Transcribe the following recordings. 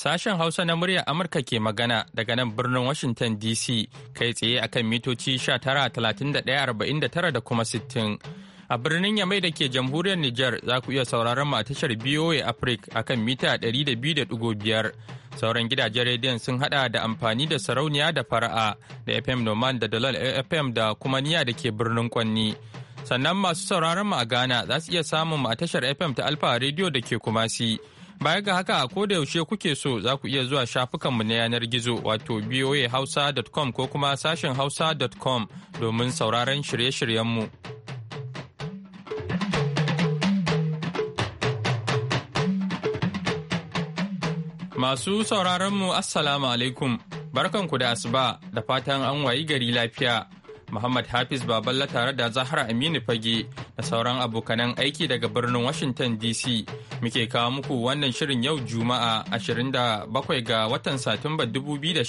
Sashen Hausa na muryar Amurka ke magana daga nan birnin Washington DC kai tsaye akan mitoci 19,31,49 da kuma 60. A birnin Yamai da ke jamhuriyar Nijar za ku iya sauraron mu a tashar BOA Africa akan mita 200.5. Sauran gidajen rediyon sun hada da amfani da sarauniya da fara'a da FM Noman da Dalal FM da kuma niya da ke birnin Kwanni. Sannan masu sauraron mu a Ghana za su iya samun mu a tashar FM ta Alfa Radio da ke Kumasi. Baya ga haka ko da yaushe kuke so za ku iya zuwa shafukanmu na yanar gizo wato voahausa.com ko kuma sashen hausa.com domin sauraron shirye-shiryenmu. Masu sauraronmu Assalamu alaikum, barkanku da asuba da fatan an wayi gari lafiya. Muhammad Hafiz Baballa tare da Zahra Aminu Fage da sauran abokanan aiki daga birnin Washington DC muke kawo muku wannan shirin yau Juma'a 27 ga watan Satumba 2019.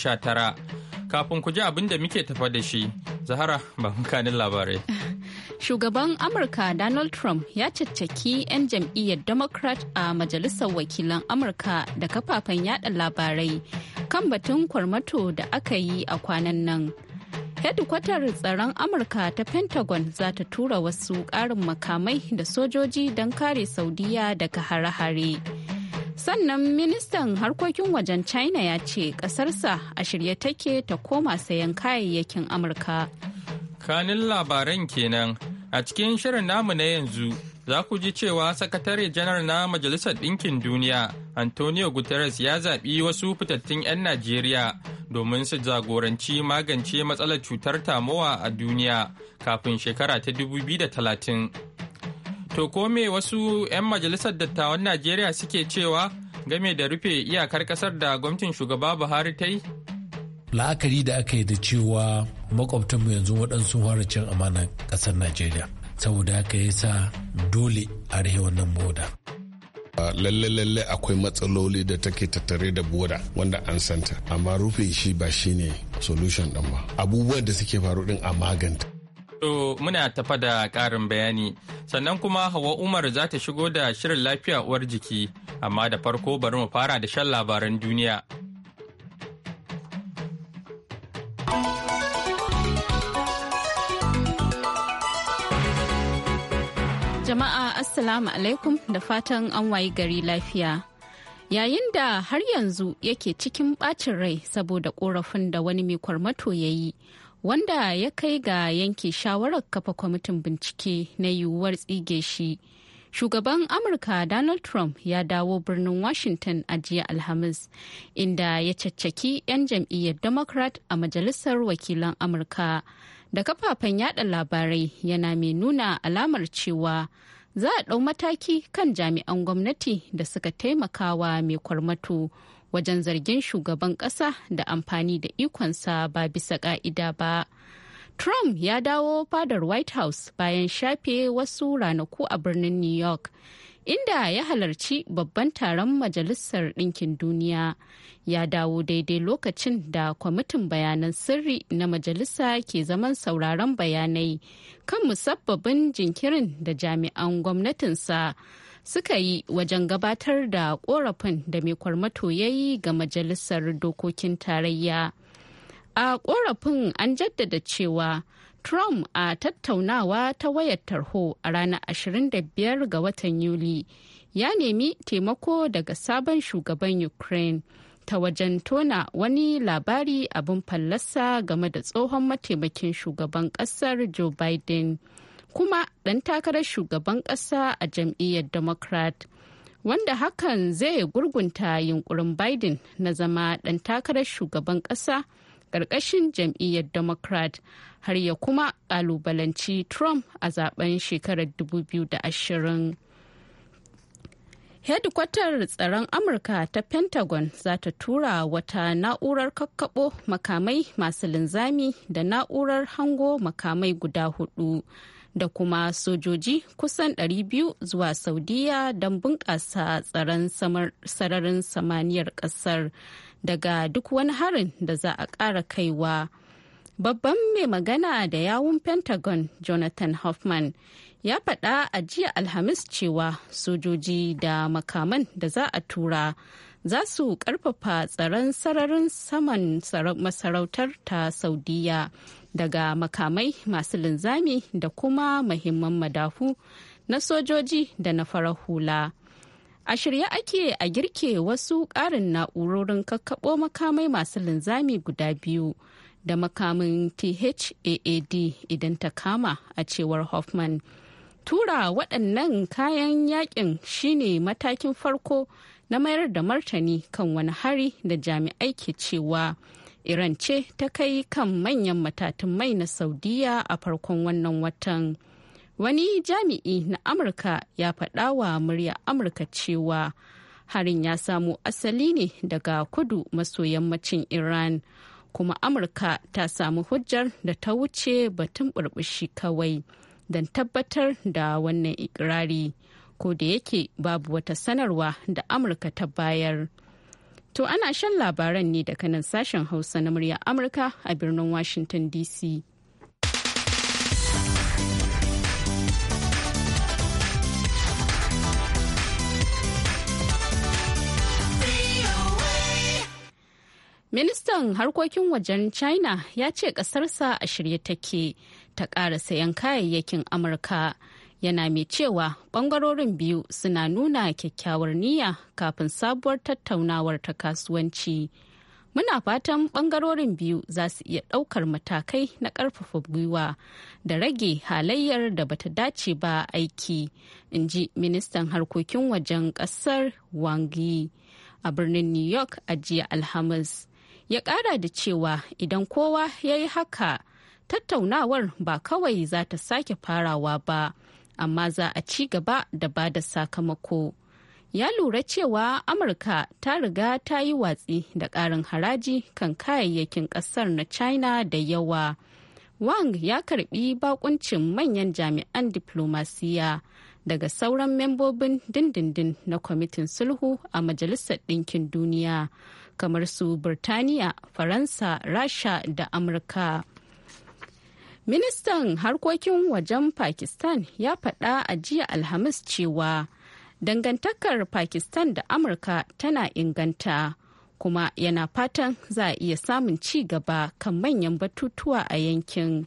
Kafin ku ji abin da muke tafa da shi, Zahara ba kanin labarai. Shugaban Amurka Donald Trump ya caccaki 'yan jam'iyyar Democrat a Majalisar Wakilan Amurka da kafafen yada labarai kan batun kwarmato da aka yi a kwanan nan. hedikwatar tsaron amurka ta pentagon za ta tura wasu ƙarin makamai da sojoji don kare saudiya daga hare-hare sannan ministan harkokin wajen china ya ce ƙasarsa a shirye take ta koma sayan kayayyakin amurka kanin labaran kenan a cikin shirin namu na yanzu za ku ji cewa sakatare janar na majalisar ɗinkin duniya antonio guterres ya zaɓi wasu fitattun 'yan najeriya domin su jagoranci magance matsalar cutar tamowa a duniya kafin shekara ta 2030. To kome wasu 'yan majalisar dattawan Najeriya suke cewa game da rufe iyakar kasar da gwamnatin shugaba Buhari ta yi? La'akari da aka yi da cewa makwabtanmu yanzu waɗansu fara cin amanar ƙasar Najeriya. Saboda aka yi sa dole a rahe wannan boda. lalle lalle akwai matsaloli da take tattare da boda wanda an santa amma rufe shi ba shine solution din ba abubuwan da suke faru din a maganta To muna tafa da ƙarin bayani sannan kuma hawa umar za ta shigo da shirin lafiya uwar jiki amma da farko bari mu fara da shan labaran duniya jama'a Assalamu alaikum da fatan an wayi gari lafiya. Yayin da har yanzu yake cikin ɓacin rai saboda ƙorafin da wani mai kwarmato ya yi, wanda ya kai ga yanke shawarar kafa kwamitin bincike na yiwuwar tsige shi. Shugaban Amurka Donald Trump ya dawo birnin Washington a jiya Alhamis, inda ya caccaki 'yan jam'iyyar Democrat a Majalisar Wakilan Amurka. da kafafen yada labarai yana mai nuna alamar cewa za a ɗau mataki kan jami'an gwamnati da suka taimakawa mai kwarmato wajen zargin shugaban ƙasa da amfani da ikonsa ba bisa ƙa'ida ba. Trump ya dawo fadar White House bayan shafe wasu ranaku a birnin New York inda ya halarci babban taron majalisar ɗinkin duniya ya dawo daidai lokacin da kwamitin bayanan sirri na majalisa ke zaman sauraron bayanai kan musabbabin jinkirin da jami'an gwamnatinsa suka yi wajen gabatar da korafin da mai kwarmato ya yi ga majalisar dokokin tarayya a korafin an jaddada cewa Trump a tattaunawa ta wayar tarho a ranar 25 ga watan Yuli ya nemi taimako daga sabon shugaban Ukraine ta wajen tona wani labari abin fallasa game da tsohon mataimakin shugaban kasar Joe Biden kuma ɗan takarar shugaban ƙasa a jam'iyyar Democrat. Wanda hakan zai gurgunta yunkurin Biden na zama ɗan takarar shugaban ƙasa ƙarƙashin jam'iyyar Democrat har ya kuma kalubalanci trump a zaben shekarar 2020 hedikwatar tsaron amurka ta pentagon za ta tura wata na'urar kakkaɓo makamai masu linzami da na'urar hango makamai guda hudu da kuma sojoji kusan 200 zuwa saudiya don bunƙasa tsaron sararin samaniyar ƙasar daga duk wani harin da za a ƙara kaiwa babban mai magana da yawun pentagon jonathan hoffman ya faɗa a jiya alhamis cewa sojoji da makaman da za a tura za su ƙarfafa tsaron sararin saman masarautar ta saudiya daga makamai masu linzami da kuma mahimman madafu na sojoji da na farar hula. A shirye ake a girke wasu ƙarin na'urorin kakkaɓo makamai masu linzami guda biyu da makamin THAAD idan ta kama a cewar Hoffman. Tura waɗannan kayan yakin shine matakin farko na mayar da martani kan wani hari da jami'ai ke cewa Iran ce ta kai kan manyan matatun mai na Saudiya a farkon wannan watan. Wani jami'i na Amurka ya faɗa wa murya Amurka cewa harin ya samu asali ne daga kudu maso yammacin Iran. kuma amurka ta samu hujjar da ta wuce batun burbushi kawai don tabbatar da wannan ikirari ko da yake babu wata sanarwa da amurka ta bayar to ana shan labaran ne daga nan sashen hausa na murya amurka a birnin washington dc Ministan harkokin wajen China ya ce kasarsa a shirye take ta ƙara sayan kayayyakin Amurka. Yana mai cewa ɓangarorin biyu suna nuna kyakkyawar niyya kafin sabuwar tattaunawar ta kasuwanci. Muna fatan bangarorin biyu za su iya ɗaukar matakai na ƙarfafa gwiwa da rage halayyar da bata dace ba aiki, in ji ministan harkokin wajen ƙasar wangi a birnin New York a jiya Alhamis. ya kara da cewa idan kowa ya yi haka tattaunawar ba kawai za ta sake farawa ba amma za a ci gaba da ba da sakamako ya lura cewa amurka ta riga ta yi watsi da karin haraji kan kayayyakin kasar na china da yawa wang ya karbi bakuncin manyan jami'an diplomasiya daga sauran membobin dindindin na kwamitin sulhu a majalisar ɗinkin duniya kamar su birtaniya Faransa, Rasha da Amurka. Ministan harkokin wajen Pakistan ya faɗa a jiya Alhamis cewa dangantakar Pakistan da Amurka tana inganta. kuma yana fatan za a iya samun ci gaba kan manyan batutuwa a yankin.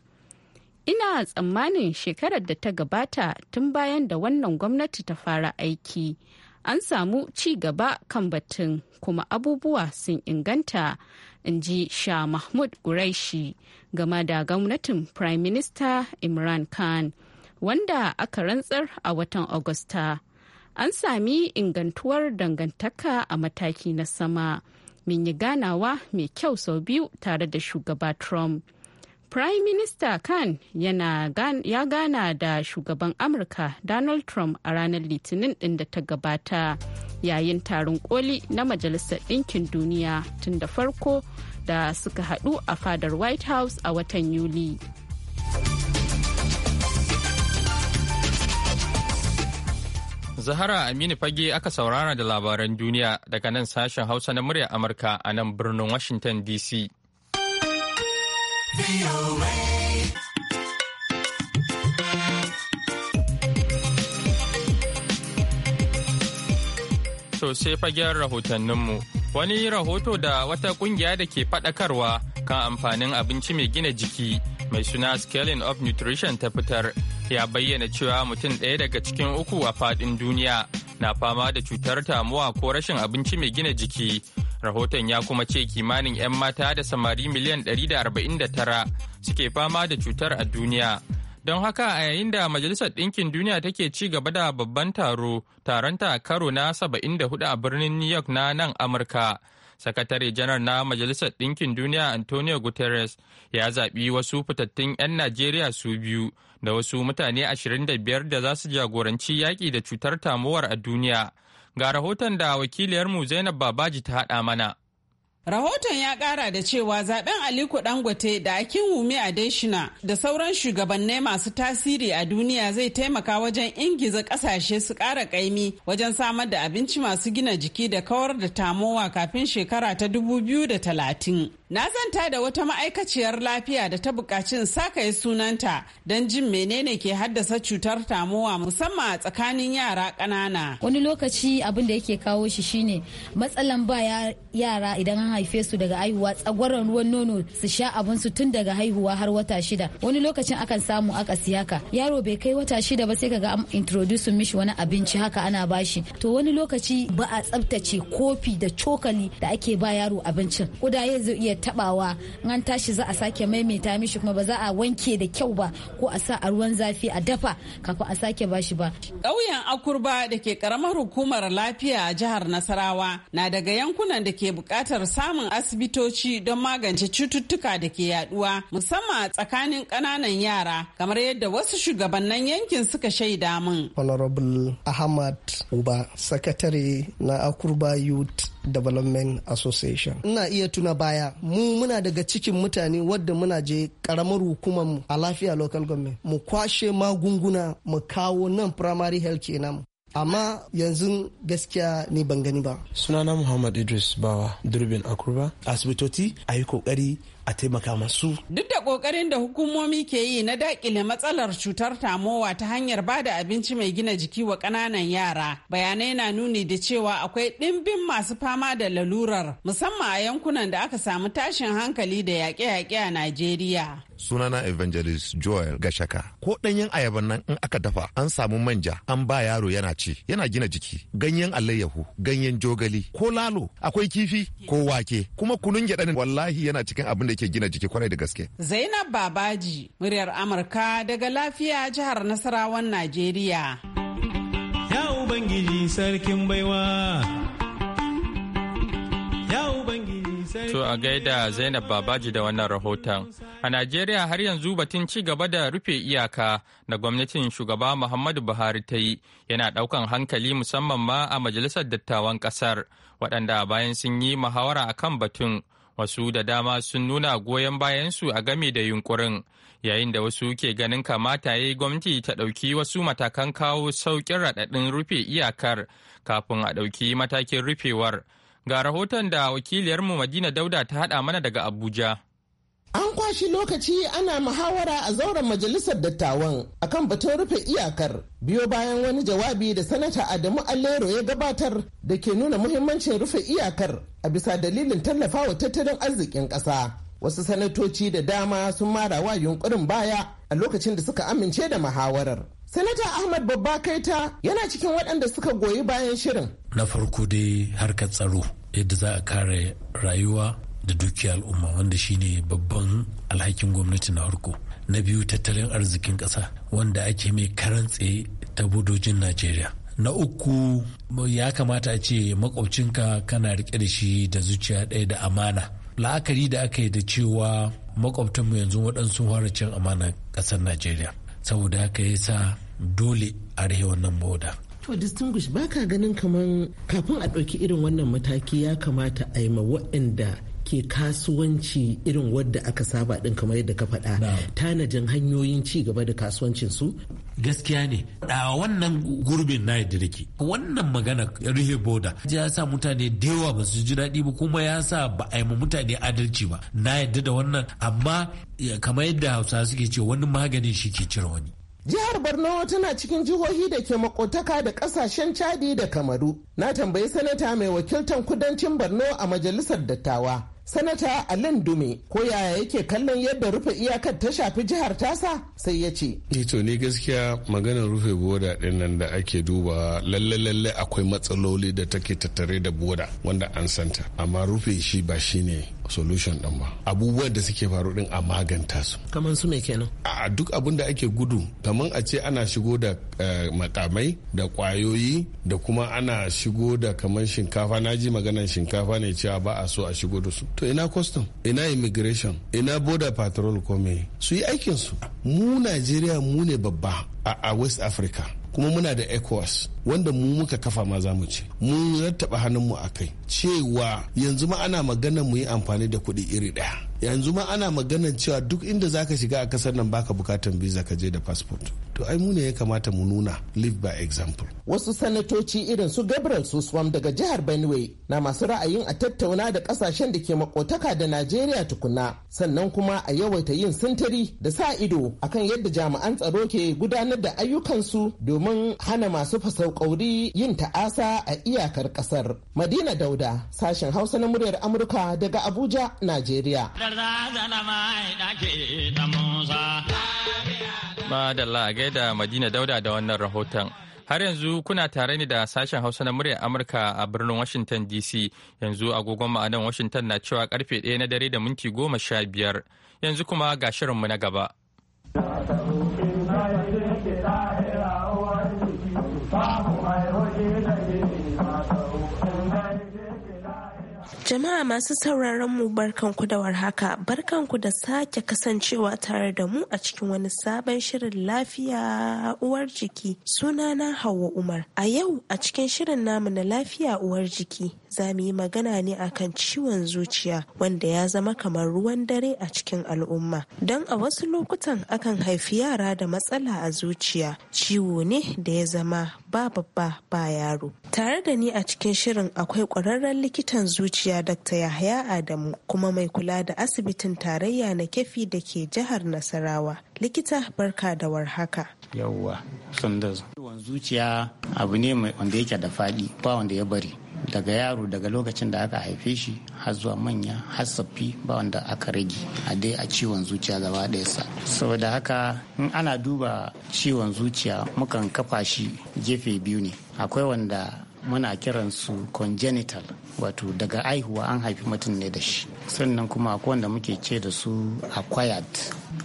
Ina tsammanin shekarar da ta gabata tun bayan da wannan gwamnati ta fara aiki. an samu ci gaba kan batun kuma abubuwa sun inganta in ji sha mahmud Quraishi game da gwamnatin prime minister imran khan wanda aka rantsar a watan agusta an sami ingantuwar dangantaka a mataki na sama mun yi ganawa mai kyau sau biyu tare da shugaba trump Prime Minister Khan yana ya gana da shugaban Amurka Donald Trump a ranar Litinin ɗin da ta gabata yayin taron koli na Majalisar Ɗinkin Duniya tun da farko da suka haɗu a fadar White House a watan Yuli. Zahara Aminu Fage aka saurara da labaran duniya daga nan sashen Hausa na murya Amurka a nan birnin Washington DC. To sai fagen rahotanninmu. Wani rahoto da wata kungiya da ke faɗakarwa kan amfanin abinci mai gina jiki mai suna Scaling of Nutrition ta fitar ya bayyana cewa mutum ɗaya daga cikin uku a faɗin duniya na fama da cutar tamuwa ko rashin abinci mai gina jiki Rahoton ya kuma ce kimanin 'yan mata da samari miliyan 149 suke fama da cutar a duniya. Don haka a yayin da Majalisar Ɗinkin Duniya take ci gaba da babban taro, taronta karo na 74 a birnin New York na nan Amurka. sakatare janar na majalisar ɗinkin duniya antonio guterres ya zaɓi wasu fitattun 'yan najeriya su biyu da wasu mutane 25 da za su jagoranci yaƙi da cutar tamuwar a duniya Ga rahoton da wakiliyarmu Zainab Babaji ta haɗa mana. Rahoton ya ƙara da cewa zaben Aliko Dangote da Akin Wumi Adeshina da sauran shugabannin masu tasiri a duniya zai taimaka wajen ingiza ƙasashe su ƙara ƙaimi wajen samar da abinci masu gina jiki da kawar da tamowa kafin shekara ta 2030. Na zanta da wata ma'aikaciyar lafiya da ta buƙaci sakaye sunanta don jin menene ke haddasa cutar tamowa musamman a tsakanin yara ƙanana. Wani lokaci abin da yake kawo shi shine matsalan ba yara idan an haife su daga haihuwa tsagwaron ruwan nono su sha abin su tun daga haihuwa har wata shida. Wani lokacin akan samu aka siya ka yaro bai kai wata shida ba sai kaga an introduce mishi wani abinci haka ana bashi. To wani lokaci ba a tsabtace kofi da cokali da ake ba yaro abincin. Kuda zai iya tabawa an tashi za a sake maimaita mishi kuma ba za a wanke da kyau ba ko a sa a ruwan zafi a dafa kafin a sake bashi ba ƙauyen akurba da ke karamar hukumar lafiya a jihar nasarawa na daga yankunan da ke buƙatar samun asibitoci don magance cututtuka da ke yaduwa musamman tsakanin ƙananan yara kamar yadda wasu shugabannin yankin suka shaida min honorable ahmad uba sakatare na akurba youth development association ina iya tuna baya mu muna daga cikin mutane wadda muna je karamar hukumar mu a lafiya local government mu kwashe magunguna mu kawo nan primary health kenan amma yanzu gaskiya ne ban gani ba sunana muhammad idris bawa durbin akurba asibitoci a yi kokari a taimaka masu. Duk da ƙoƙarin da hukumomi ke yi na dakile matsalar cutar tamowa ta hanyar bada abinci mai gina jiki wa ƙananan yara, bayanai na nuni da cewa akwai ɗimbin masu fama da lalurar musamman a yankunan da aka samu tashin hankali da yaƙe-yaƙe a Najeriya. Sunana Evangelist Joel Gashaka. Ko ɗanyen ayaban nan in aka dafa an samu manja an ba yaro yana ci yana gina jiki ganyen alayyahu ganyen jogali ko lalo akwai kifi ko wake kuma kunun gyaɗa wallahi yana cikin abin da yake gina jiki kwarai da gaske. Zainab Babaji, muryar Amurka daga lafiya jihar Nasarawan Najeriya. Ya Ubangiji sarkin baiwa. To a gaida Zainab Babaji da wannan rahoton. A Najeriya har yanzu batun ci gaba da rufe iyaka da gwamnatin shugaba Muhammadu Buhari ta yi yana daukan hankali musamman ma a Majalisar Dattawan Kasar waɗanda bayan sun yi muhawara akan batun wasu da dama sun nuna goyon bayansu a game da yunkurin yayin da wasu ke ganin kamata ya yi gwamnati ta ɗauki wasu matakan kawo sauƙin raɗaɗin rufe iyakar kafin a ɗauki matakin rufewar ga rahoton da wakiliyarmu madina dauda ta haɗa mana daga abuja An kwashi lokaci ana muhawara a zauren majalisar dattawan akan batun rufe iyakar biyo bayan wani jawabi da sanata Adamu Allero ya gabatar da ke nuna muhimmancin rufe iyakar a bisa dalilin tallafawa tattalin arzikin ƙasa. Wasu sanatoci da dama sun mara wa yunkurin baya a lokacin da suka amince da muhawarar. Sanata Ahmad Babba Kaita yana cikin waɗanda suka goyi bayan shirin. Na farko dai harkar tsaro yadda za a kare rayuwa da dukiyar al'umma wanda shine babban alhakin gwamnati na harko na biyu tattalin arzikin ƙasa wanda ake mai karantse ta budojin najeriya na uku ya kamata a ce makwabcinka kana rike da shi da zuciya ɗaya da amana la'akari da aka yi da cewa makwabtanmu yanzu waɗansu fara cin amana ƙasar najeriya saboda haka ya sa dole a rahe wannan boda To distinguish baka ganin kamar kafin a ɗauki irin wannan mataki ya kamata a yi ma waɗanda ke kasuwanci irin wadda aka saba din kamar yadda ka faɗa tanajin hanyoyin ci gaba da kasuwancin su gaskiya ne a wannan gurbin na yadda ke wannan magana rihe boda ya sa mutane da yawa ba su ji daɗi ba kuma ya sa ba a yi mutane adalci ba na yadda da wannan amma kamar yadda hausa suke ce wani maganin shi ke cire wani Jihar Borno tana cikin jihohi da ke makotaka da kasashen Chadi da Kamaru. Na tambayi sanata mai wakiltan kudancin Borno a majalisar dattawa, sanata a dume ko yaya yake kallon yadda rufe iyakar ta shafi jihar tasa sai ya ce eh to ne gaskiya maganar rufe boda din nan da ake duba lalle lalle akwai matsaloli da take tattare da boda wanda an santa amma rufe shi ba shine solution din ba abubuwan da suke faru ɗin a maganta su kamar su me kenan a duk abin da ake gudu kamar a ce ana shigo da eh, makamai da kwayoyi da kuma ana shigo da kamar shinkafa na ji maganar shinkafa ne cewa ba a so a shigo da su to ina custom ina immigration ina border patrol ko me su yi aikin su mu Najeriya mu ne babba a West Africa kuma muna da ecowas wanda mu muka kafa ma za mu ce mun rattaba hannunmu a kai cewa yanzu ma ana magana mu yi amfani da kuɗi iri ɗaya yanzu ma ana magana cewa duk inda zaka shiga a kasar nan baka bukatan visa ka je da passport to ai mu ne ya kamata mu nuna live by example wasu sanatoci irin su gabriel suswam daga jihar benue na masu ra'ayin a tattauna da kasashen da ke makotaka da najeriya tukuna sannan kuma a yawaita yin sintiri da sa ido akan yadda jami'an tsaro ke gudanar da ayyukansu domin hana masu fasaukauri yin ta'asa a iyakar kasar madina dauda sashen hausa na muryar amurka daga abuja najeriya Madalla a gaida Madina Dauda da wannan rahoton. Har yanzu kuna tare ne da sashen Hausa na muryar Amurka a birnin Washington DC. Yanzu agogon ma'anan Washington na cewa karfe ɗaya na dare da minti goma sha biyar. Yanzu kuma ga shirinmu na gaba. Jama'a masu sauraron mu barkanku da warhaka, barkanku da sake kasancewa tare da mu a cikin wani sabon shirin lafiya uwar jiki sunana Hauwa Umar. A yau a cikin shirin namu na lafiya uwar jiki za mu yi magana ne akan ciwon zuciya wanda ya zama kamar ruwan dare a cikin al'umma. Don a wasu lokutan akan haifi yara da matsala a zuciya, ciwo ne da ya zama ba babba ba yaro. Tare da ni a cikin shirin akwai ƙwararren likitan zuciya Dr. Yahaya Adamu kuma mai kula da asibitin tarayya na kefi da ke jihar Nasarawa. Likita barka da warhaka. Yawwa, Ciwon zuciya abu ne wanda yake da faɗi ba wanda ya bari. daga yaro daga lokacin da aka haife shi har zuwa manya har saffi ba wanda aka rage a dai a ciwon zuciya gaba ɗaya sa saboda haka in ana duba ciwon zuciya mukan kafa shi gefe biyu ne akwai wanda muna kiran su congenital wato daga aihuwa an haifi mutum ne da shi sannan kuma akwai wanda muke ce da su acquired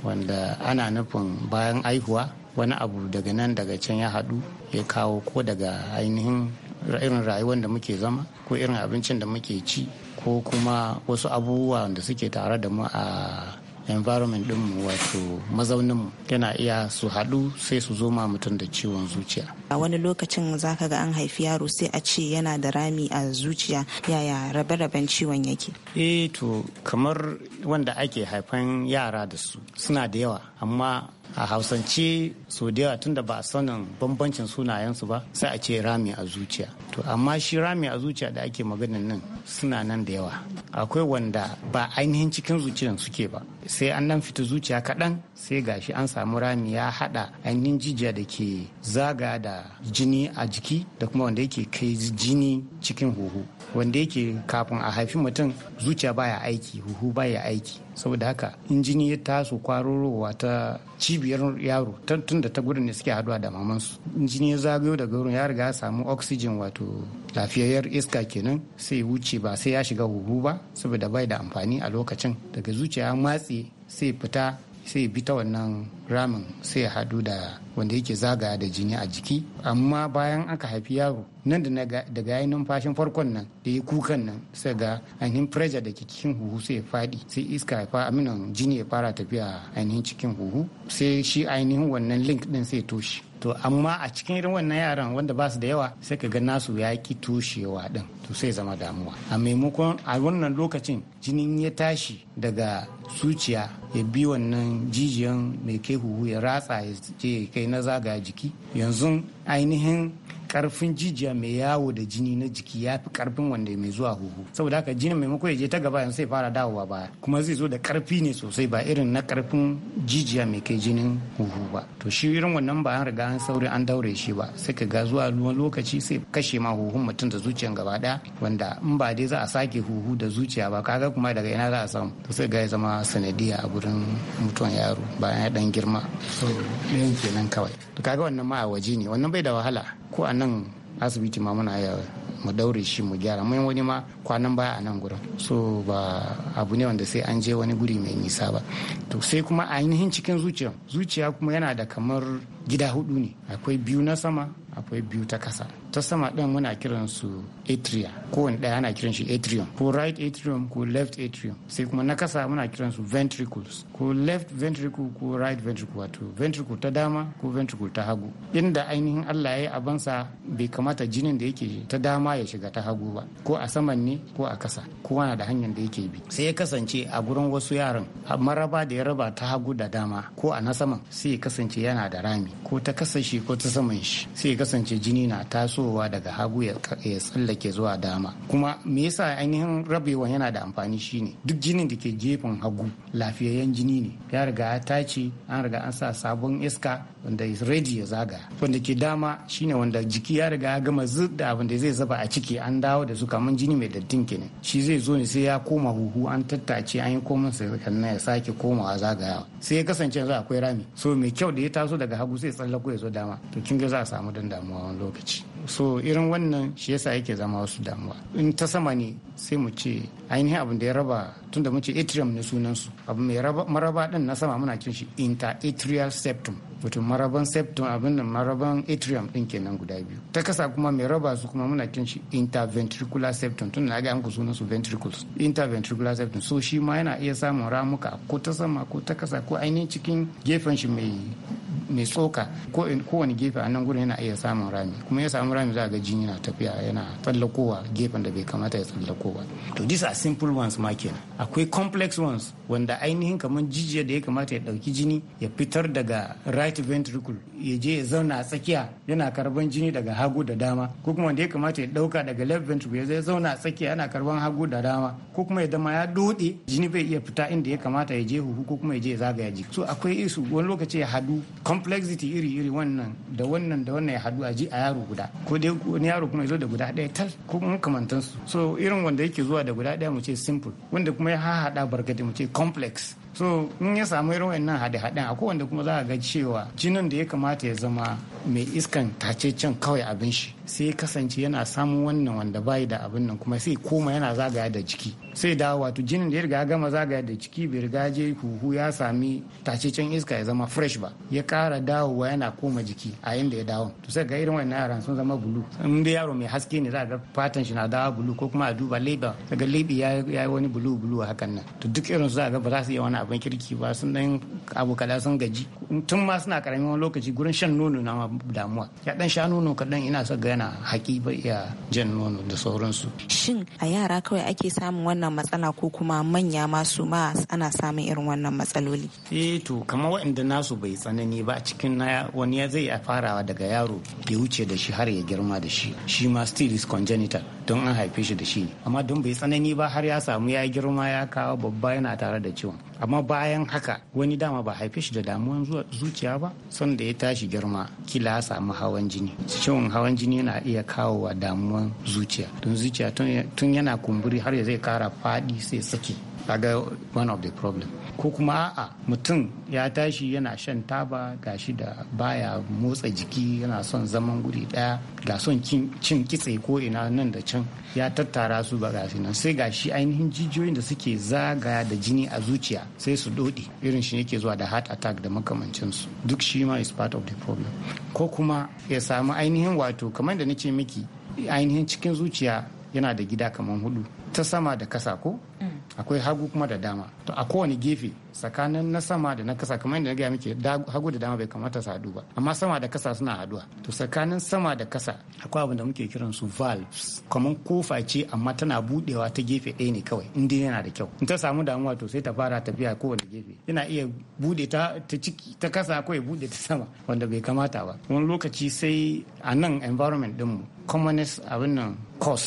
wanda ana nufin bayan aihuwa wani abu daga nan daga can ya haɗu ya kawo ko daga ainihin irin rayuwar da muke zama ko irin abincin da muke ci ko kuma wasu abubuwa da suke tare da mu a environment mu wato mazauninmu yana iya su haɗu sai su zoma mutum da ciwon zuciya. A wani lokacin za ka ga an haifi yaro sai a ce yana da rami a zuciya yaya rabe-raben ciwon yake. Eh to kamar wanda ake haifan yara da su suna da yawa amma a hausance sau da yawa tunda ba a sanin bambancin sunayensu ba sai a ce rami a zuciya to amma shi rami a zuciya da ake maganin nan suna nan da yawa akwai wanda ba ainihin cikin zuciyan suke ba sai an nan fita zuciya kaɗan sai gashi an samu rami ya haɗa ainihin jijiya da ke zaga da jini a jiki da kuma wanda yake kai jini cikin huhu wanda yake kafin a haifi mutum zuciya baya aiki huhu baya aiki saboda haka injini ya taso kwarorowa ta cibiyar yaro tun da ta gudun ne suke haduwa da mamansu injini ya zagayo daga wurin ya riga ya samu oxygen wato lafiyayyar iska kenan sai wuce ba sai ya shiga huhu ba saboda bai da amfani a lokacin daga zuciya matse sai fita sai bi ta wannan ramin sai ya haɗu da wanda yake zagaya da jini a jiki amma bayan aka haifi yaro nan da daga yayin numfashin farkon nan da ya kukan nan sai ga ainihin pressure da ke cikin huhu sai ya faɗi sai iska ya fara aminan jini ya fara tafiya ainihin cikin huhu sai shi ainihin wannan link din sai ya toshe. to amma a cikin irin wannan yaran wanda ba su da yawa sai ka ga nasu ya ki toshewa din to sai zama damuwa a maimakon a wannan lokacin jinin ya tashi daga zuciya ya bi wannan jijiyan mai kai huhu ya ratsa ya je kai na zaga jiki yanzu ainihin karfin jijiya mai yawo da jini na jiki ya fi karfin wanda mai zuwa huhu saboda haka jinin mai ya je ta gaba yanzu sai fara dawowa baya kuma zai zo da karfi ne sosai ba irin na karfin jijiya mai kai jinin huhu ba to shi irin wannan ba an riga an saurari an daure shi ba sai ka ga zuwa lokaci sai kashe ma huhun mutum da zuciyan gaba daya wanda in ba dai za a sake huhu da zuciya ba kaga kuma daga ina za a samu to sai ga ya zama sanadiya a gurin mutuwan yaro bayan ya dan girma so ɗayan kenan kawai to kaga wannan ma a waje ne wannan bai da wahala ko a nan asibiti ma muna ya mu daure shi mu gyara mun wani ma kwanan baya a nan gurin so ba abu ne wanda sai an je wani guri mai nisa ba to sai kuma ainihin cikin zuciya zuciya kuma yana da kamar gida hudu ne akwai biyu na sama akwai biyu ta kasa ta sama ɗan muna kiran su atria wani ɗaya ana kiran shi atrium ko right atrium ko left atrium sai kuma na kasa muna kiran su ventricles ko left ventricle ko right ventricle wato ventricle ta dama ko ventricle ta hagu inda ainihin Allah ya yi abansa bai kamata jinin da yake ta dama ya shiga ta hagu ba ko a saman ne ko a kasa kowa na da hanyar da yake bi sai ya kasance a gurin wasu yaran maraba da ya raba ta hagu da dama ko a na saman sai ya kasance yana da rami ko ta kasa shi ko ta saman shi sai ya kasance jini na tasowa daga hagu ya tsallake zuwa dama kuma me yasa ainihin rabewa yana da amfani shine duk jinin da ke gefen hagu lafiyayyen jini ne ya riga ya tace an riga an sa sabon iska wanda is ready ya zaga wanda ke dama shine wanda jiki ya riga ya gama zub da abin da zai zaba a ciki an dawo da su kaman jini mai dattin kenan shi zai zo ne sai ya koma huhu an tattace an yi komai sai ya sake komawa zagayawa sai ya kasance yanzu akwai rami so mai kyau da ya taso daga hagu sai tsallako ya zo dama to kin ga za a samu danda damuwa wani lokaci so irin wannan shi yasa yake zama wasu damuwa in ta sama ne sai mu ce ainihin abin da ya raba tun da muke atrium na sunansu abu mai maraba din na sama muna kin shi interatrial septum wato maraban septum abin nan maraban atrium din kenan guda biyu ta kasa kuma mai raba su kuma muna kin shi interventricular septum tun da ga an ku sunan su ventricles interventricular septum so shi ma yana iya samun ramuka ko ta sama ko ta kasa ko ainihin cikin gefen shi mai mai tsoka ko kowane gefe a nan gurin yana iya samun rami kuma ya samu rami za ga jini na tafiya yana tsallakowa gefen da bai kamata ya tsallakowa to these are simple ones ma kenan akwai complex ones wanda ainihin kamar jijiyar da ya kamata ya dauki jini ya fitar daga right ventricle ya je ya zauna a tsakiya yana karban jini daga hagu da dama ko kuma wanda ya kamata ya dauka daga left ventricle ya zauna a tsakiya yana karban hagu da dama ko kuma ya zama ya dode jini bai iya fita inda ya kamata ya je huhu ko kuma ya je ya zagaya jiki so akwai isu wani lokaci ya hadu complexity iri-iri wannan da wannan da wannan ya haɗu a ji a yaro guda ko dai wani yaro kuma ya zo da guda ɗaya tal ko makamantansu so irin wanda yake zuwa da guda ɗaya mu ce simple wanda kuma ya haɗa barkate mu ce complex so in ya samu irin wannan hade-haden a wanda kuma za a ga cewa jinin da ya kamata ya zama mai iskan tacecen kawai abin shi sai ya kasance yana samun wannan wanda bayi da abin nan kuma sai koma yana zagaya da jiki sai da wato jinin da ya riga gama zagaya da ciki bai riga je huhu ya sami tacecen iska ya zama fresh ba ya kara dawowa yana koma jiki a inda ya dawo to sai ga irin wannan yaran sun zama bulu in dai yaro mai haske ne za ga fatan shi na dawo bulu ko kuma a duba leba daga lebi ya yi wani bulu bulu hakan nan to duk irin su za ga ba za su iya wani abin kirki ba sun dan abu sun gaji tun ma suna karamin wani lokaci gurin shan nono na damuwa ya dan sha nono kaɗan ina son ga yana haƙi ba iya jan nono da sauransu. Shin a yara kawai ake samun wannan matsala ko kuma manya masu ma ana samun irin wannan matsaloli? Eh to kamar waɗanda nasu bai tsanani ba a cikin na wani ya zai farawa daga yaro ya wuce da shi har ya girma da shi shi ma still is congenital don an haife shi da shi amma don bai tsanani ba har ya samu ya girma ya kawo babba yana tare da ciwon amma bayan haka wani dama ba haife shi da damuwan zuciya ba son da ya tashi girma kila ya samu hawan jini ciwon hawan jini yana iya kawo wa damuwan zuciya don zuciya tun yana kumburi har ya zai kara faɗi sai saki kaga one of the problem ko kuma a'a mutum ya tashi yana shan taba gashi da baya motsa jiki yana son zaman guri daya ga son cin kitse ko ina nan da can ya tattara su ba gashi nan sai gashi ainihin jijiyoyin da suke zagaya da jini a zuciya sai su dode irin shi yake zuwa da heart attack da makamancinsu duk shi ma is part of the problem ko kuma ya samu ainihin wato kamar da nace miki ainihin cikin zuciya yana da gida kamar hudu ta sama da kasa ko akwai hagu kuma da dama to a kowane gefe tsakanin na sama da na kasa kamar yadda na gaya muke hagu da dama bai kamata su haɗu ba amma sama da kasa suna haɗuwa to tsakanin sama da kasa akwai abin da muke kiran su valves kamar kofa ce amma tana budewa ta gefe ɗaya ne kawai in dai yana da kyau in ta samu damuwa to sai ta fara tafiya kowane gefe yana iya bude ta ta ciki ta kasa ko ya bude ta sama wanda bai kamata ba wani lokaci sai a nan environment ɗinmu commonest abin nan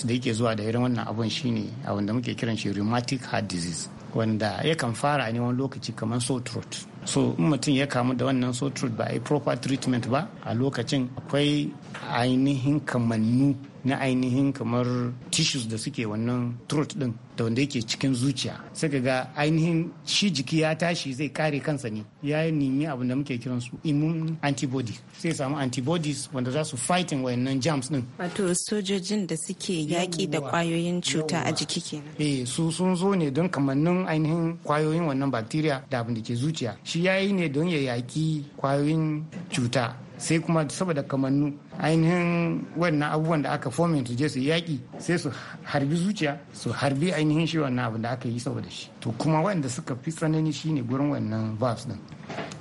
da yake zuwa da irin wannan abun shine abin da muke kiran shi rheumatic heart disease wanda yakan fara ne wani lokaci kamar sore throat so in mutum ya kamu da wannan sore throat ba a proper treatment ba a lokacin akwai ainihin kamannu na ainihin kamar tissues da suke wannan throat din da wanda yake cikin zuciya sai ka ga ainihin shi jiki ya tashi zai kare kansa ne ya nemi abin da muke kiran su immune antibody sai samu antibodies wanda za su fightin wayannan germs din wato sojojin da suke yaki da kwayoyin cuta a jiki kenan eh su sun zo ne don kamannin ainihin kwayoyin wannan bacteria da abin da ke zuciya shi yayi ne don ya yaki kwayoyin cuta sai kuma saboda kamannu ainihin wannan abubuwan da aka fomin su je su yaƙi sai su harbi zuciya su harbi ainihin shi wannan abu da aka yi saboda shi to kuma wanda suka fi tsanani shine gurin wannan bafs din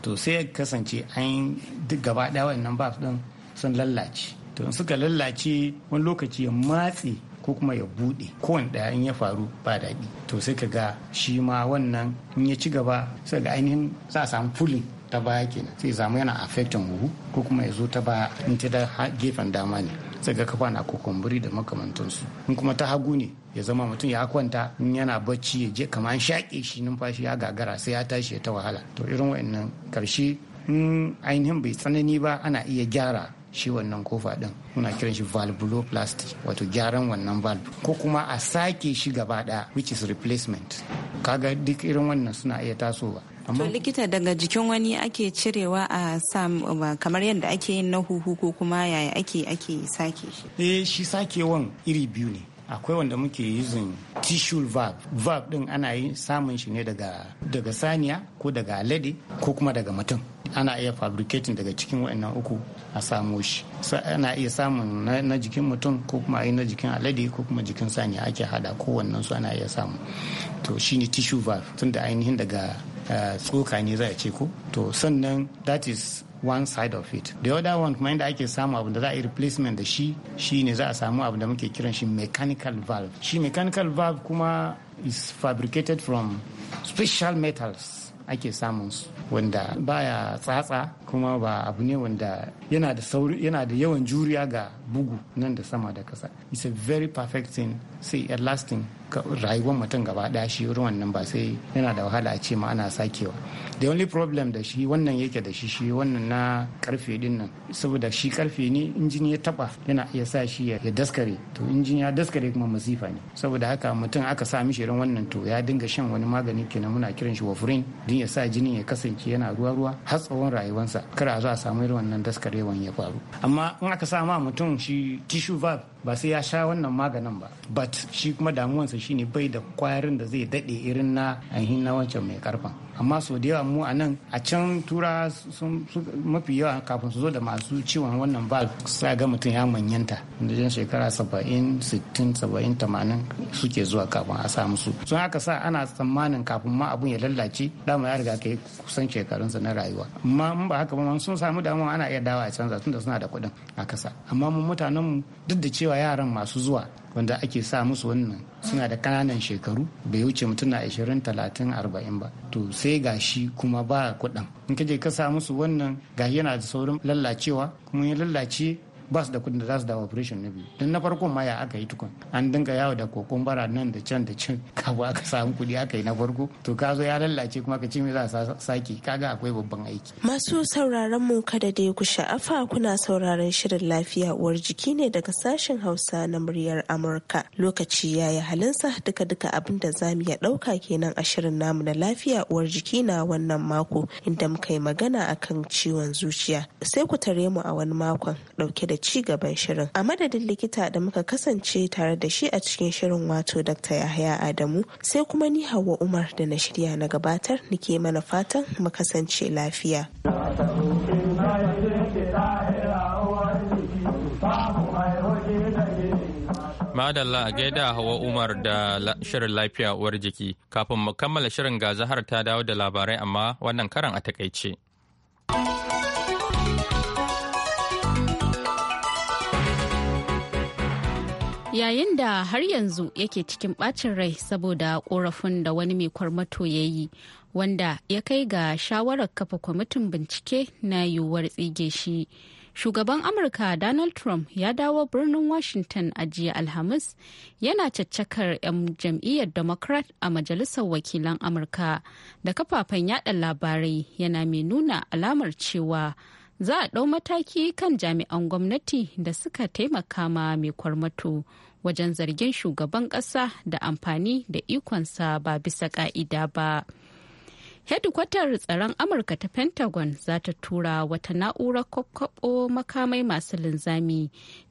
to sai ya kasance an duk gaba ɗaya wannan bafs din sun lallace to in suka lallace wani lokaci ya matse ko kuma ya buɗe kowane ɗaya in ya faru ba daɗi to sai ka ga shi ma wannan in ya ci gaba sai ga ainihin za a samu fulin ta baya kenan sai zamu yana affecting huhu ko kuma ya zo ta baya in ta da gefen dama ne sai ga kafa na kokumburi da makamantansu in kuma ta hagu ne ya zama mutum ya kwanta in yana bacci ya je kamar shaƙe shi numfashi ya gagara sai ya tashi ya ta wahala to irin wa'annan karshe in ainihin bai tsanani ba ana iya gyara shi wannan kofa din muna kiran shi valvuloplasty wato gyaran wannan valve ko kuma a sake shi gaba daya which is replacement kaga duk irin wannan suna iya tasowa to likita daga jikin wani ake cirewa a sam kamar yadda ake yin na huhu ko kuma yaya ake ake sake shi eh shi sakewan iri biyu ne akwai wanda muke using tissue valve valve din ana yin samun shi ne daga daga saniya ko daga alade ko kuma daga mutum ana iya fabricating daga cikin wa'annan uku a samo shi ana iya samun na jikin mutum ko kuma a yi na jikin alade ko kuma jikin sani ake hada kowannen su ana iya samu to shine tissue valve tun da ainihin daga eh, tsoka ne za a ce ko to sannan that is one side of it the other one kuma inda ake samu abu da za a yi replacement da shi ne za a samu abu da muke kiran shi mechanical valve shi mechanical valve kuma is fabricated from special metals ake samun su wanda baya tsatsa kuma ba abu ne wanda yana da sauri yana da yawan juriya ga bugu nan da sama da kasa it's a very perfect thing say a lasting rayuwar mutum gaba ɗaya shi ruwan nan ba sai yana da wahala a ce ma ana sakewa the only problem da shi wannan yake da shi shi wannan na karfe din nan saboda shi karfe ne injin ya taba yana iya sa shi ya daskare to injin ya daskare kuma masifa ne saboda haka mutum aka sa mishi irin wannan to ya dinga shan wani magani kenan muna kiran shi wafurin din ya sa jinin ya kasance yana ruwa ruwa har tsawon rayuwarsa kar a zo a samu irin wannan daskarewan ya faru amma in aka sa ma mutum shi tissue valve ba sai ya sha wannan maganin ba but shi kuma damuwansa shine bai da kwayarin da zai daɗe irin na ainihin na wancan mai karfan amma sau da yawa mu a nan a can tura sun mafi yawa kafin su zo da masu ciwon wannan ba sa ga mutum ya manyanta da jan shekara saba'in sittin saba'in tamanin suke zuwa kafin a sa musu sun haka sa ana tsammanin kafin ma abun ya lallace dama ya riga kai kusan shekarunsa na rayuwa amma in ba haka ba sun samu damuwa ana iya dawa a canza tunda suna da kuɗin a kasa amma mu mutanen mu duk da cewa yaran masu zuwa wanda ake sa musu wannan suna da kananan shekaru bai wuce mutum na 20 30 40 ba to sai ga shi kuma ba kuɗin in ka je ka sa musu wannan ga yana da saurin lallacewa kuma ya lallace bas da kudin da za su da operation na biyu don na farko ma ya aka yi tukun an dinga yawo da kokon nan da can da can kabu aka samu kudi aka yi na farko to ka zo ya lallace kuma ka ce me za a sake kaga akwai babban aiki masu sauraron mu kada da ku sha'afa kuna sauraron shirin lafiya uwar jiki ne daga sashen hausa na muryar amurka lokaci ya yi halinsa duka duka abin da za mu iya ɗauka kenan a shirin namu na lafiya uwar jiki na wannan mako inda muka yi magana akan ciwon zuciya sai ku tare mu a wani makon dauke da ci gaban shirin a madadin likita da muka kasance tare da shi a cikin shirin wato dr yahaya adamu sai kuma ni hawa umar da na shirya na gabatar nike mana fatan mu kasance lafiya Madalla a gaida Hawa Umar da shirin lafiya uwar jiki. Kafin mu kammala shirin ga zahar ta dawo da labarai amma wannan karan a takaice. yayin da har yanzu yake cikin bacin rai saboda korafin da wani mai kwarmato ya yi wanda ya kai ga shawarar kafa kwamitin bincike na yiwuwar tsige shi shugaban amurka donald trump ya dawo birnin washington a jiya alhamis yana caccakar 'yan jam'iyyar democrat a majalisar wakilan amurka da kafafen yada labarai yana mai nuna alamar cewa za a ɗau mataki kan jami'an gwamnati da suka taimaka ma mai kwarmato wajen zargin shugaban ƙasa da amfani da ikonsa ba bisa ƙa'ida ba. hedikwatar tsaron amurka ta pentagon za ta tura wata na'urar kwakwabo makamai masu linzami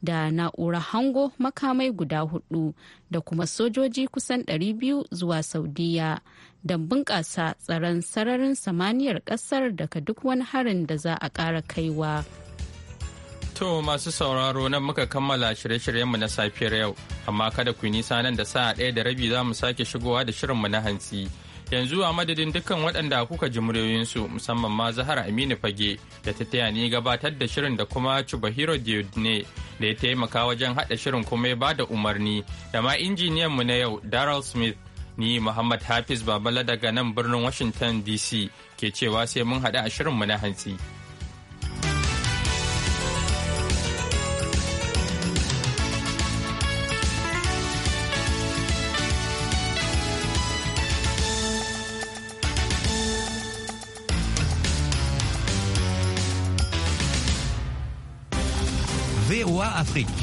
da na'urar hango makamai guda hudu da kuma sojoji kusan 200 zuwa saudiya don bunƙasa tsaron sararin samaniyar ƙasar daga duk wani harin da za a ƙara kaiwa To masu sauraro nan muka kammala shirye-shiryenmu na safiyar yau, amma kada ku nisa nan da sa'a ɗaya da rabi za mu sake shigowa da shirinmu na hantsi. yanzu a madadin dukkan waɗanda kuka ji muryoyinsu musamman ma zahar aminu fage da ta taya ni gabatar da shirin da kuma chubahiro diodne da ya taimaka wajen haɗa shirin kuma ya bada umarni da ma injiniyanmu na yau daryl smith ni muhammad hafiz babala daga nan birnin washington dc ke cewa sai mun haɗu a shirin mu na hantsi. Afrique.